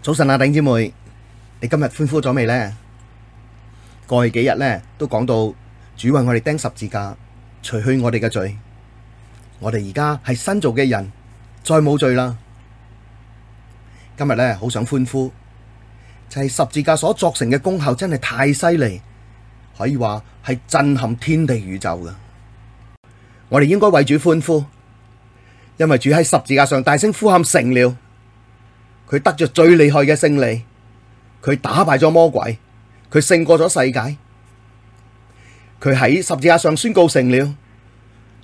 早晨啊，頂姐妹，你今日歡呼咗未呢？過去幾日呢，都講到主為我哋釘十字架，除去我哋嘅罪。我哋而家係新造嘅人，再冇罪啦。今日呢，好想歡呼，就係十字架所作成嘅功效真係太犀利，可以話係震撼天地宇宙噶。我哋應該為主歡呼，因為主喺十字架上大聲呼喊成了。佢得着最厲害嘅勝利，佢打敗咗魔鬼，佢勝過咗世界，佢喺十字架上宣告成了，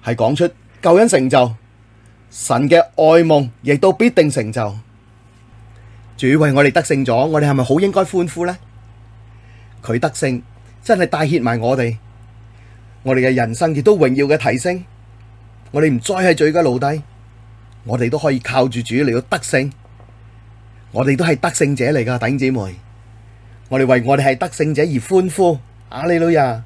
係講出救恩成就，神嘅愛夢亦都必定成就。主為我哋得勝咗，我哋係咪好應該歡呼呢？佢得勝真係帶挈埋我哋，我哋嘅人生亦都榮耀嘅提升。我哋唔再係罪嘅奴隸，我哋都可以靠住主嚟到得勝。我哋都係得勝者嚟㗎，弟兄姊妹，我哋為我哋係得勝者而歡呼，阿利路亞呀！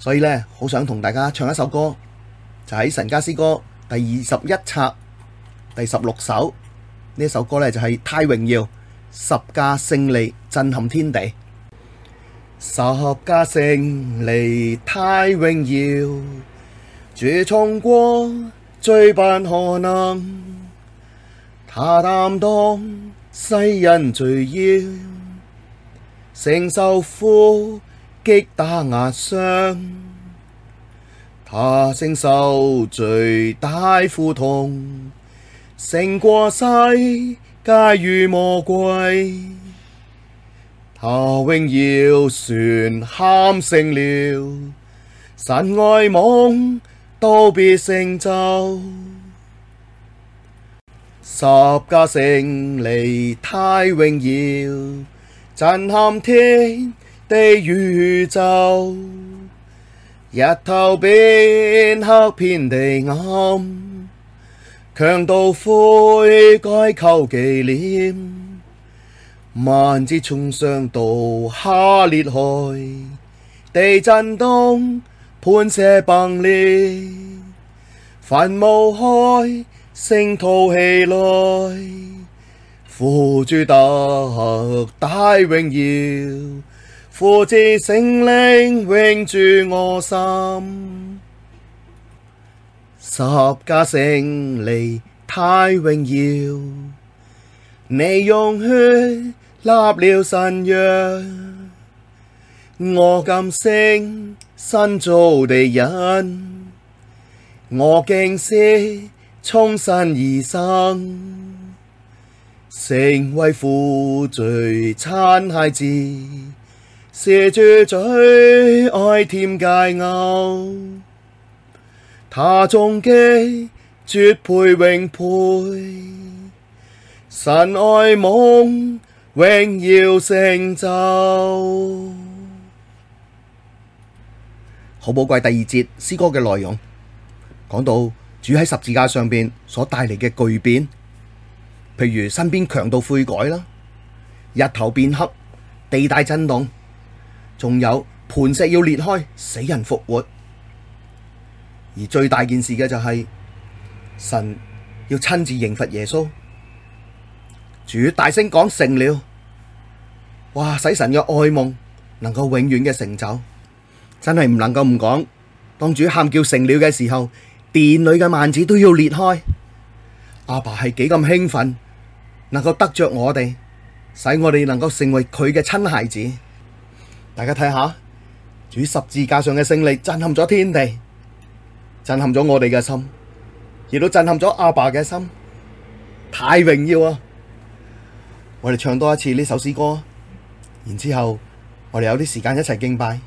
所以呢，好想同大家唱一首歌，就喺《神家詩歌》第二十一冊第十六首呢一首歌呢，就係《太榮耀十架勝利震撼天地》，十架勝利太榮耀，主衝過，最不可能！他擔當西人聚要承受苦擊打壓傷，他承受罪，大苦痛，勝過世界如魔鬼。他永耀船喊勝了神愛網都別聖就。十架勝利太榮耀，震撼天地宇宙，日頭變黑，遍地暗，強盜悔改，求記念，幔子從上到下裂開，地震動，磐石崩裂，墳墓開。聖徒起來，父主得大榮耀，父子聖靈永住我心，十架勝利太榮耀，祢用血立了新約，我今成新造的人，我竟是。從神而生，成為父最親孩子，是主最愛甜佳偶，他終極絕配永配，神愛夢榮耀成就。好寶貴，第二節詩歌嘅內容講到。主喺十字架上邊所帶嚟嘅巨變，譬如身邊強盜悔改啦，日頭變黑，地大震動，仲有磐石要裂開，死人復活，而最大件事嘅就係、是、神要親自刑罰耶穌，主大聲講成了，哇！使神嘅愛夢能夠永遠嘅成就，真係唔能夠唔講。當主喊叫成了嘅時候。殿裏嘅幔子都要裂開，阿爸係幾咁興奮，能夠得着我哋，使我哋能夠成為佢嘅親孩子。大家睇下，主十字架上嘅勝利震撼咗天地，震撼咗我哋嘅心，亦都震撼咗阿爸嘅心。太榮耀啊！我哋唱多一次呢首詩歌，然之後我哋有啲時間一齊敬拜。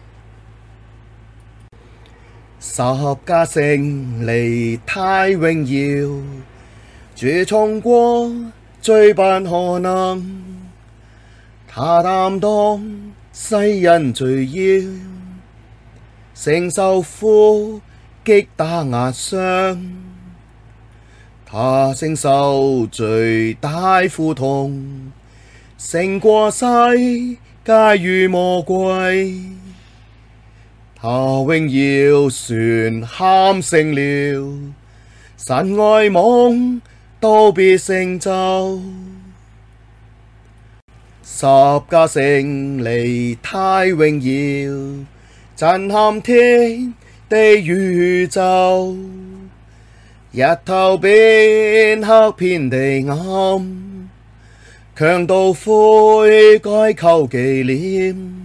十架勝利太榮耀，主衝過最不可能！他擔當世人罪孽，承受父擊打、壓傷，他承受最大苦痛，勝過世界與魔鬼。祂、啊、榮耀，宣喊成了，神愛夢都必成就。十架勝利太榮耀，震撼天地宇宙，日頭變黑，遍地暗，強盜悔改，哀求記念。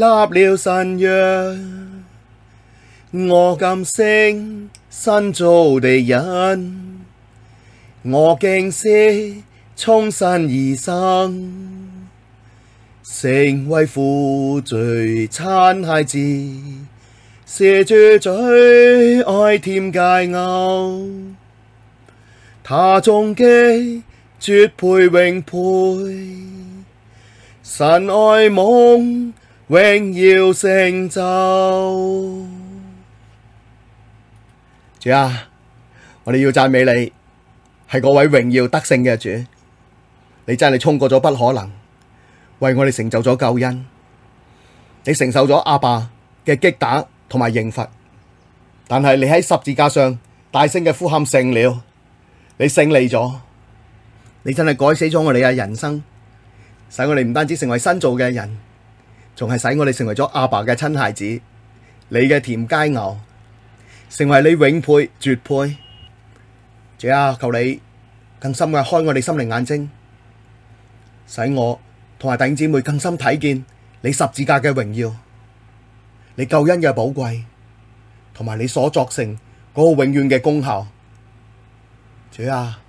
立了新約，我今成新造的人，我竟是從神而生，成為父最親孩子，是主最愛甜佳偶，祂終極絕配、永配，神愛夢榮耀成就。主啊，我哋要讚美你，係嗰位榮耀得勝嘅主。你真係衝過咗不可能，為我哋成就咗救恩。你承受咗阿爸嘅擊打同埋刑罰，但係你喺十字架上大聲嘅呼喊「勝了！」，你勝利咗，你真係改死咗我哋嘅人生，使我哋唔單止成為新造嘅人。仲係使我哋成為咗阿爸嘅親孩子，你嘅甜佳偶，成為你永配絕配。主啊，求你更深嘅開我哋心靈眼睛，使我同埋弟兄姊妹更深睇見你十字架嘅榮耀，你救恩嘅寶貴，同埋你所作成嗰個永遠嘅功效。主啊，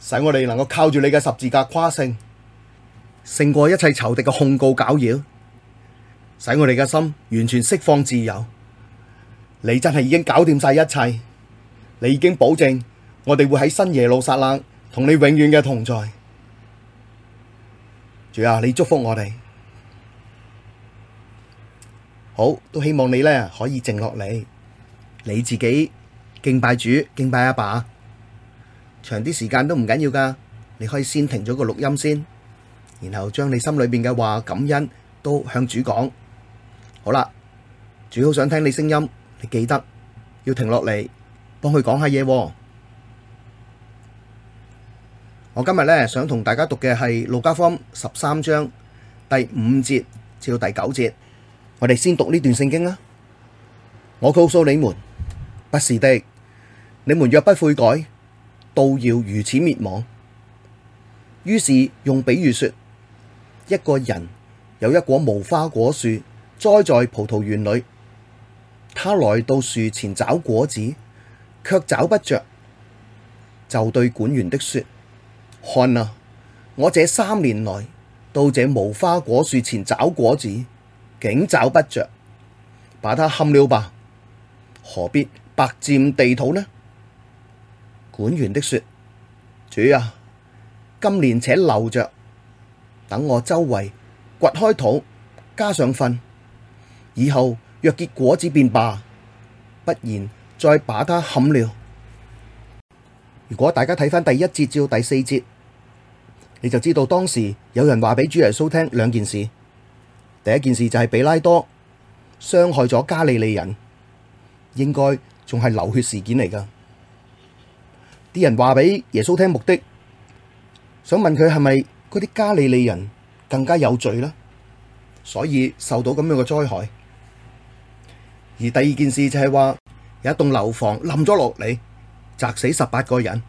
使我哋能夠靠住你嘅十字架誇勝，勝過一切仇敵嘅控告攪擾。使我哋嘅心完全釋放自由，你真係已經搞掂晒一切，你已經保證我哋會喺新耶路撒冷同你永遠嘅同在，主啊，你祝福我哋，好，都希望你呢可以靜落嚟，你自己敬拜主，敬拜阿爸、爸，長啲時間都唔緊要噶，你可以先停咗個錄音先，然後將你心裏面嘅話感恩都向主講。好啦，主要想聽你聲音，你記得要停落嚟，幫佢講下嘢，哦。我今日呢，想同大家讀嘅係路加福音十三章第五節至到第九節，我哋先讀呢段聖經啦。我告訴你們，不是的，你們若不悔改，都要如此滅亡。於是用比喻說，一個人有一棵無花果樹。栽在葡萄園裡，他來到樹前找果子，卻找不着，就對管園的說：看啊，我這三年來到這無花果樹前找果子，竟找不着，把它砍了吧，何必白占地土呢？管園的說：主啊，今年且留着，等我周圍掘開土，加上糞。以後若結果子便罷，不然再把他砍了。如果大家睇翻第一節至第四節，你就知道當時有人話俾主耶穌聽兩件事。第一件事就係比拉多傷害咗加利利人，應該仲係流血事件嚟㗎。啲人話俾耶穌聽目的，想問佢係咪嗰啲加利利人更加有罪啦，所以受到咁樣嘅災害。而第二件事就係話有一棟樓房冧咗落嚟，砸死十八個人，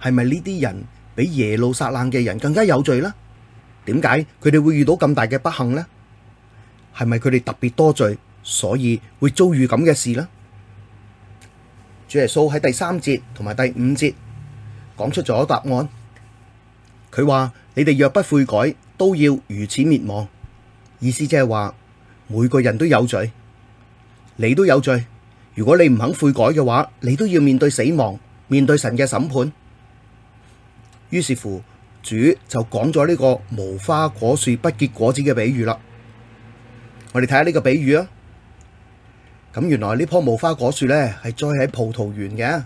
係咪呢啲人比耶路撒冷嘅人更加有罪呢？點解佢哋會遇到咁大嘅不幸呢？係咪佢哋特別多罪，所以會遭遇咁嘅事呢？主耶穌喺第三節同埋第五節講出咗答案，佢話：你哋若不悔改，都要如此滅亡。意思即係話，每個人都有罪。你都有罪，如果你唔肯悔改嘅話，你都要面對死亡，面對神嘅審判。於是乎，主就講咗呢個無花果樹不結果子嘅比喻啦。我哋睇下呢個比喻啊。咁原來呢棵無花果樹呢係栽喺葡萄園嘅。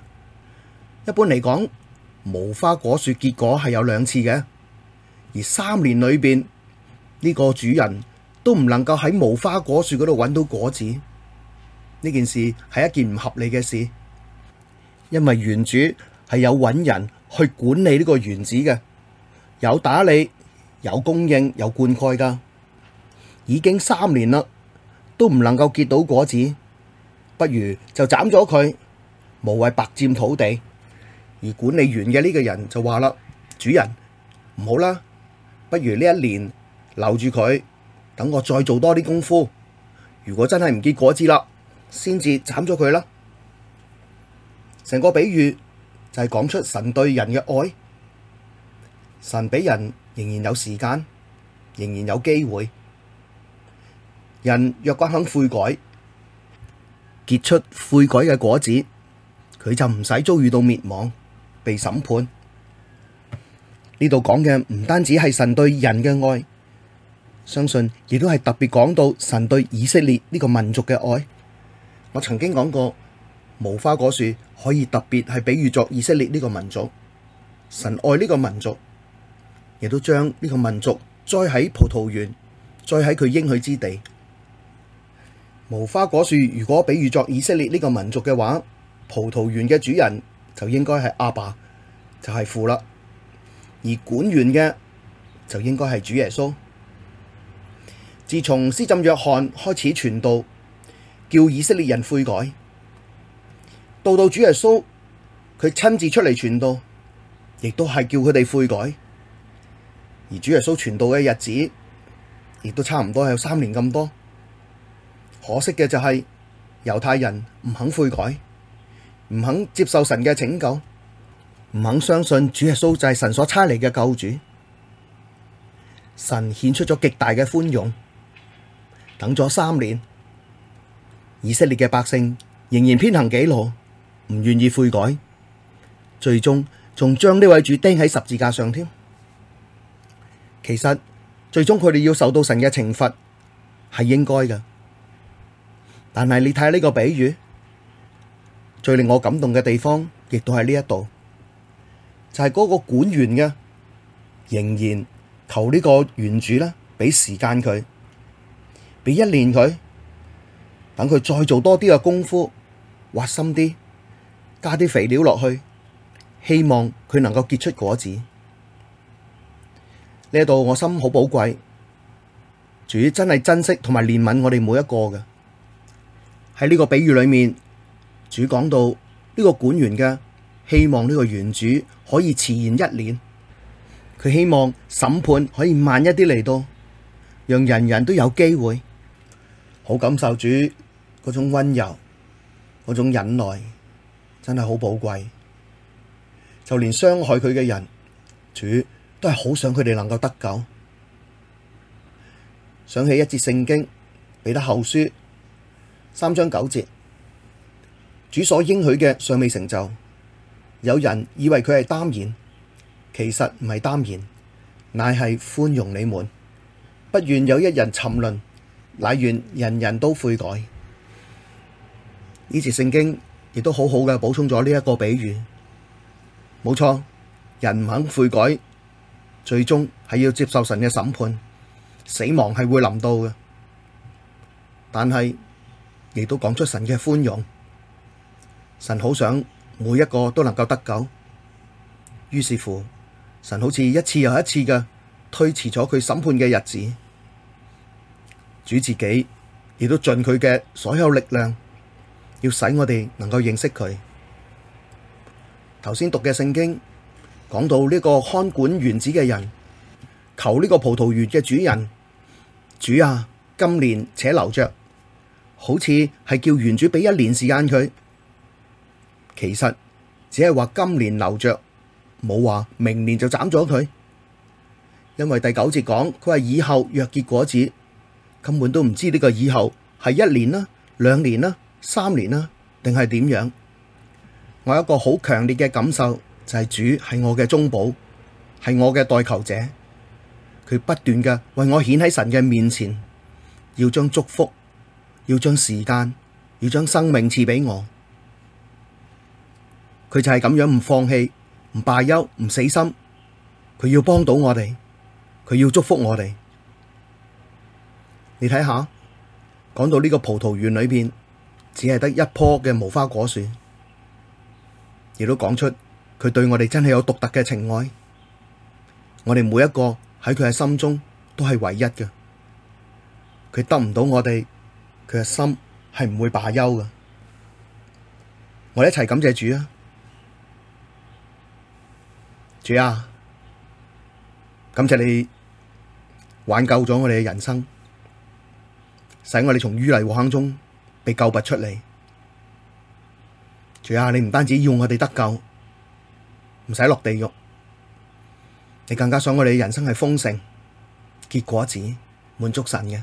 一般嚟講，無花果樹結果係有兩次嘅，而三年裏邊呢個主人都唔能夠喺無花果樹嗰度揾到果子。呢件事係一件唔合理嘅事，因為園主係有揾人去管理呢個園子嘅，有打理、有供應、有灌溉噶。已經三年啦，都唔能夠結到果子，不如就斬咗佢，無謂白佔土地。而管理員嘅呢個人就話啦：「主人，唔好啦，不如呢一年留住佢，等我再做多啲功夫。如果真係唔結果子啦，先至斬咗佢啦。」成個比喻就係講出神對人嘅愛，神俾人仍然有時間，仍然有機會。人若果肯悔改，結出悔改嘅果子，佢就唔使遭遇到滅亡、被審判。呢度講嘅唔單止係神對人嘅愛，相信亦都係特別講到神對以色列呢個民族嘅愛。我曾經講過，無花果樹可以特別係比喻作以色列呢個民族，神愛呢個民族，亦都將呢個民族栽喺葡萄園，栽喺佢應許之地。無花果樹如果比喻作以色列呢個民族嘅話，葡萄園嘅主人就應該係阿爸，就係父啦，而管園嘅就應該係主耶穌。自從施浸約翰開始傳道。叫以色列人悔改，到到主耶穌佢親自出嚟傳道，亦都係叫佢哋悔改。而主耶穌傳道嘅日子，亦都差唔多係有三年咁多。可惜嘅就係、是、猶太人唔肯悔改，唔肯接受神嘅拯救，唔肯相信主耶穌就係神所差嚟嘅救主。神顯出咗極大嘅寬容，等咗三年。以色列嘅百姓仍然偏行己路，唔願意悔改，最終仲將呢位主釘喺十字架上添。其實最終佢哋要受到神嘅懲罰係應該嘅，但係你睇下呢個比喻，最令我感動嘅地方亦都係呢一度，就係嗰個管園嘅仍然求呢個園主咧，俾時間佢，俾一年佢。等佢再做多啲嘅功夫，挖深啲，加啲肥料落去，希望佢能夠結出果子。呢度我心好寶貴，主真係珍惜同埋憐憫我哋每一個嘅。喺呢個比喻裏面，主講到呢個管園嘅希望呢個園主可以遲延一年，佢希望審判可以慢一啲嚟到，讓人人都有機會好感受主。嗰種溫柔，嗰種忍耐，真係好寶貴。就連傷害佢嘅人，主都係好想佢哋能夠得救。想起一節聖經，彼得後書三章九節，主所應許嘅尚未成就。有人以為佢係耽延，其實唔係耽延，乃係寬容你們，不願有一人沉淪，乃願人人都悔改。呢次聖經亦都好好嘅補充咗呢一個比喻。冇錯，人唔肯悔改，最終係要接受神嘅審判，死亡係會臨到嘅。但係亦都講出神嘅寬容，神好想每一個都能夠得救。於是乎，神好似一次又一次嘅推遲咗佢審判嘅日子，主自己亦都盡佢嘅所有力量。要使我哋能夠認識佢。頭先讀嘅聖經講到呢個看管園子嘅人，求呢個葡萄園嘅主人，主啊，今年且留着，好似係叫園主俾一年時間佢。其實只係話今年留着，冇話明年就斬咗佢。因為第九節講佢話以後若結果子，根本都唔知呢個以後係一年啦、啊，兩年啦、啊。三年啦，定係點樣？我有一個好強烈嘅感受，就係、是、主係我嘅中保，係我嘅代求者。佢不斷嘅為我顯喺神嘅面前，要將祝福，要將時間，要將生命賜俾我。佢就係咁樣唔放棄，唔罷休，唔死心。佢要幫到我哋，佢要祝福我哋。你睇下，講到呢個葡萄園裏邊。只係得一棵嘅無花果樹，亦都講出佢對我哋真係有獨特嘅情愛。我哋每一個喺佢嘅心中都係唯一嘅，佢得唔到我哋，佢嘅心係唔會罷休嘅。我哋一齊感謝主啊！主啊！感謝你挽救咗我哋嘅人生，使我哋從淤泥和坑中被救拔出嚟，仲有！你唔單止要我哋得救，唔使落地獄，你更加想我哋嘅人生係豐盛、結果子、滿足神嘅，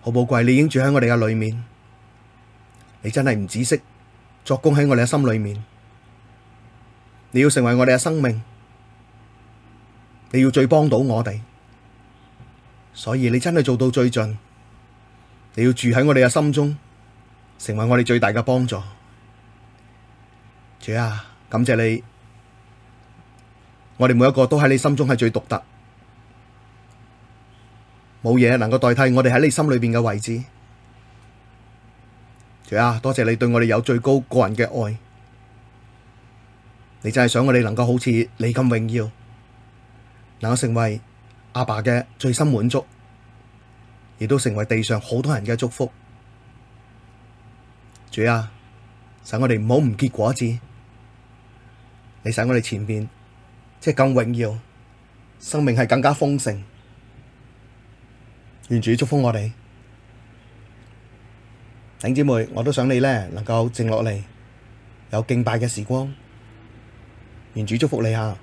好寶貴！你已經住喺我哋嘅裏面，你真係唔止息作工喺我哋嘅心裏面，你要成為我哋嘅生命，你要最幫到我哋，所以你真係做到最盡。你要住喺我哋嘅心中，成為我哋最大嘅幫助。主啊，感謝你，我哋每一個都喺你心中係最獨特，冇嘢能夠代替我哋喺你心裏邊嘅位置。主啊，多謝你對我哋有最高個人嘅愛，你真係想我哋能夠好似你咁榮耀，能夠成為阿爸嘅最深滿足。亦都成為地上好多人嘅祝福，主啊，使我哋唔好唔結果子，你使我哋前面，即係更榮耀，生命係更加豐盛，願主祝福我哋。弟兄姊妹，我都想你咧能夠靜落嚟，有敬拜嘅時光，願主祝福你啊！